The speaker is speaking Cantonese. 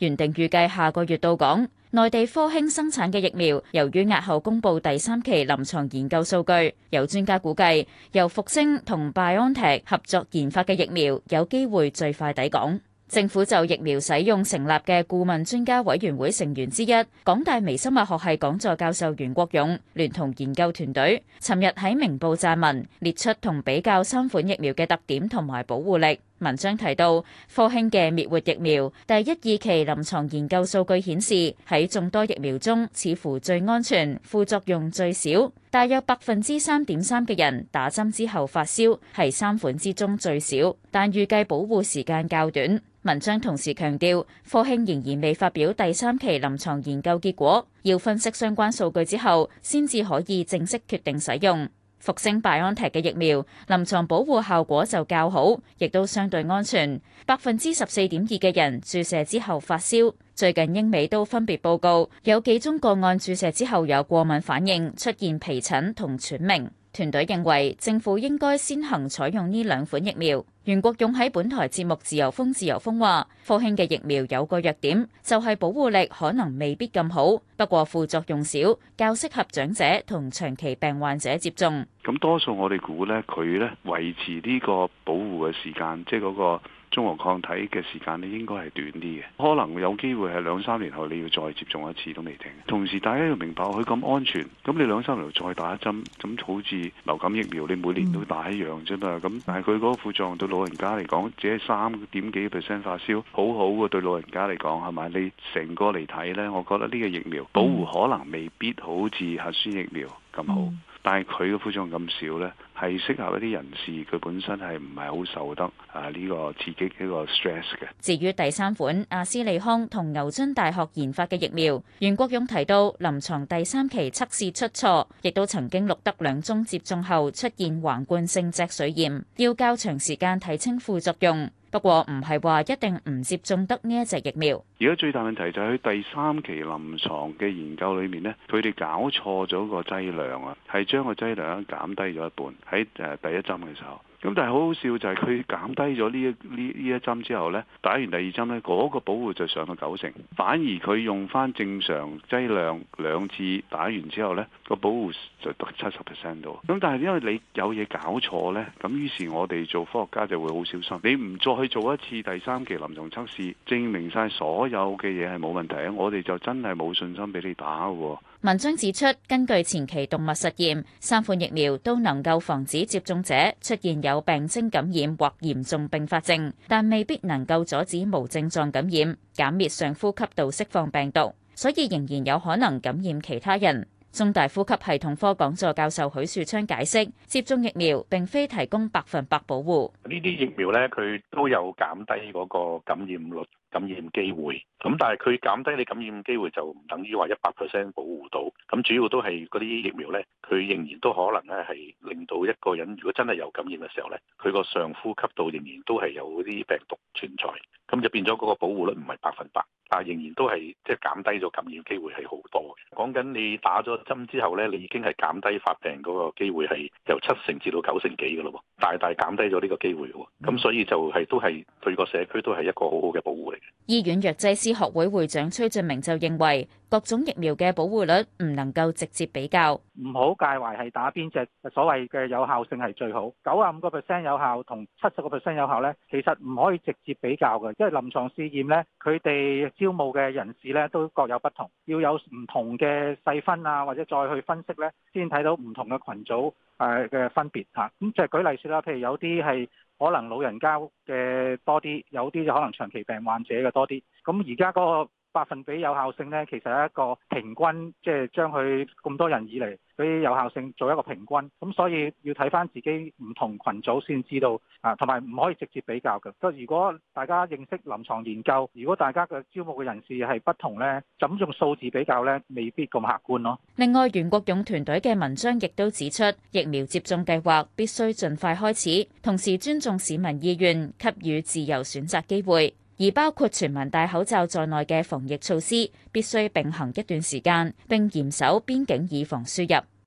原定預計下個月到港，內地科興生產嘅疫苗，由於押後公佈第三期臨床研究數據，有專家估計，由復星同拜安特合作研發嘅疫苗，有機會最快抵港。政府就疫苗使用成立嘅顧問專家委員會成員之一，港大微生物學系講座教授袁國勇，聯同研究團隊，尋日喺明報撰文，列出同比較三款疫苗嘅特點同埋保護力。文章提到，科興嘅滅活疫苗第一二期臨床研究數據顯示，喺眾多疫苗中似乎最安全，副作用最少，大約百分之三點三嘅人打針之後發燒係三款之中最少，但預計保護時間較短。文章同時強調科興仍然未發表第三期臨床研究結果，要分析相關數據之後先至可以正式決定使用。復星拜安提嘅疫苗臨床保護效果就較好，亦都相對安全。百分之十四點二嘅人注射之後發燒。最近英美都分別報告有幾宗個案注射之後有過敏反應，出現皮疹同喘鳴。團隊認為政府應該先行採用呢兩款疫苗。袁國勇喺本台節目《自由風自由風》話：科興嘅疫苗有個弱點，就係保護力可能未必咁好，不過副作用少，較適合長者同長期病患者接種。咁多數我哋估呢，佢呢維持呢個保護嘅時間，即係嗰個中和抗體嘅時間呢，應該係短啲嘅。可能有機會係兩三年後你要再接種一次都未定。同時，大家要明白，佢咁安全，咁你兩三年再打一針，咁好似流感疫苗，你每年都打一樣啫嘛。咁、嗯、但係佢嗰副作用對老人家嚟講，只係三點幾 percent 發燒，好好嘅對老人家嚟講係咪？你成個嚟睇呢，我覺得呢個疫苗保護可能未必好似核酸疫苗咁好。嗯但係佢嘅副作用咁少呢，係適合一啲人士，佢本身係唔係好受得啊，呢個刺激呢個 stress 嘅。至於第三款阿斯利康同牛津大學研發嘅疫苗，袁國勇提到臨床第三期測試出錯，亦都曾經錄得兩宗接種後出現橫貫性脊髓炎，要較長時間睇清副作用。不過唔係話一定唔接種得呢一隻疫苗。而家最大問題就係佢第三期臨床嘅研究裏面呢，佢哋搞錯咗個劑量啊，係將個劑量減低咗一半喺誒第一針嘅時候。咁但係好好笑就係佢減低咗呢一呢呢一針之後呢，打完第二針呢，嗰個保護就上到九成，反而佢用翻正常劑量兩次打完之後呢，呢個保護就得七十 percent 到。咁但係因為你有嘢搞錯呢，咁於是我哋做科學家就會好小心。你唔再去做一次第三期臨床測試，證明晒所有嘅嘢係冇問題，我哋就真係冇信心俾你打喎。文章指出，根據前期動物實驗，三款疫苗都能夠防止接種者出現有病徵感染或嚴重併發症，但未必能夠阻止無症狀感染、減滅上呼吸道釋放病毒，所以仍然有可能感染其他人。中大呼吸系統科講座教授許樹昌解釋：接種疫苗並非提供百分百保護。呢啲疫苗咧，佢都有減低嗰個感染率、感染機會。咁但係佢減低你感染機會，就唔等於話一百 percent 保護到。咁主要都係嗰啲疫苗咧，佢仍然都可能咧係令到一個人，如果真係有感染嘅時候咧，佢個上呼吸道仍然都係有啲病毒存在。咁就變咗嗰個保護率唔係百分百。但仍然都係即係減低咗感染機會係好多嘅。講緊你打咗針之後咧，你已經係減低發病嗰個機會係由七成至到九成幾噶咯，大大減低咗呢個機會嘅。咁所以就係都係對個社區都係一個好好嘅保護嚟嘅。醫院藥劑師學會會長崔俊明就認為。各種疫苗嘅保護率唔能夠直接比較，唔好介懷係打邊隻所謂嘅有效性係最好。九啊五個 percent 有效同七十個 percent 有效咧，其實唔可以直接比較嘅，因為臨床試驗咧，佢哋招募嘅人士咧都各有不同，要有唔同嘅細分啊，或者再去分析咧，先睇到唔同嘅羣組誒嘅分別嚇。咁就係舉例説啦，譬如有啲係可能老人家嘅多啲，有啲就可能長期病患者嘅多啲。咁而家嗰個百分比有效性呢，其實係一個平均，即係將佢咁多人以嚟嗰啲有效性做一個平均，咁所以要睇翻自己唔同羣組先知道啊，同埋唔可以直接比較嘅。即係如果大家認識臨床研究，如果大家嘅招募嘅人士係不同呢，就咁用數字比較呢，未必咁客觀咯。另外，袁國勇團隊嘅文章亦都指出，疫苗接種計劃必須盡快開始，同時尊重市民意願，給予自由選擇機會。而包括全民戴口罩在內嘅防疫措施，必須並行一段時間，並嚴守邊境，以防輸入。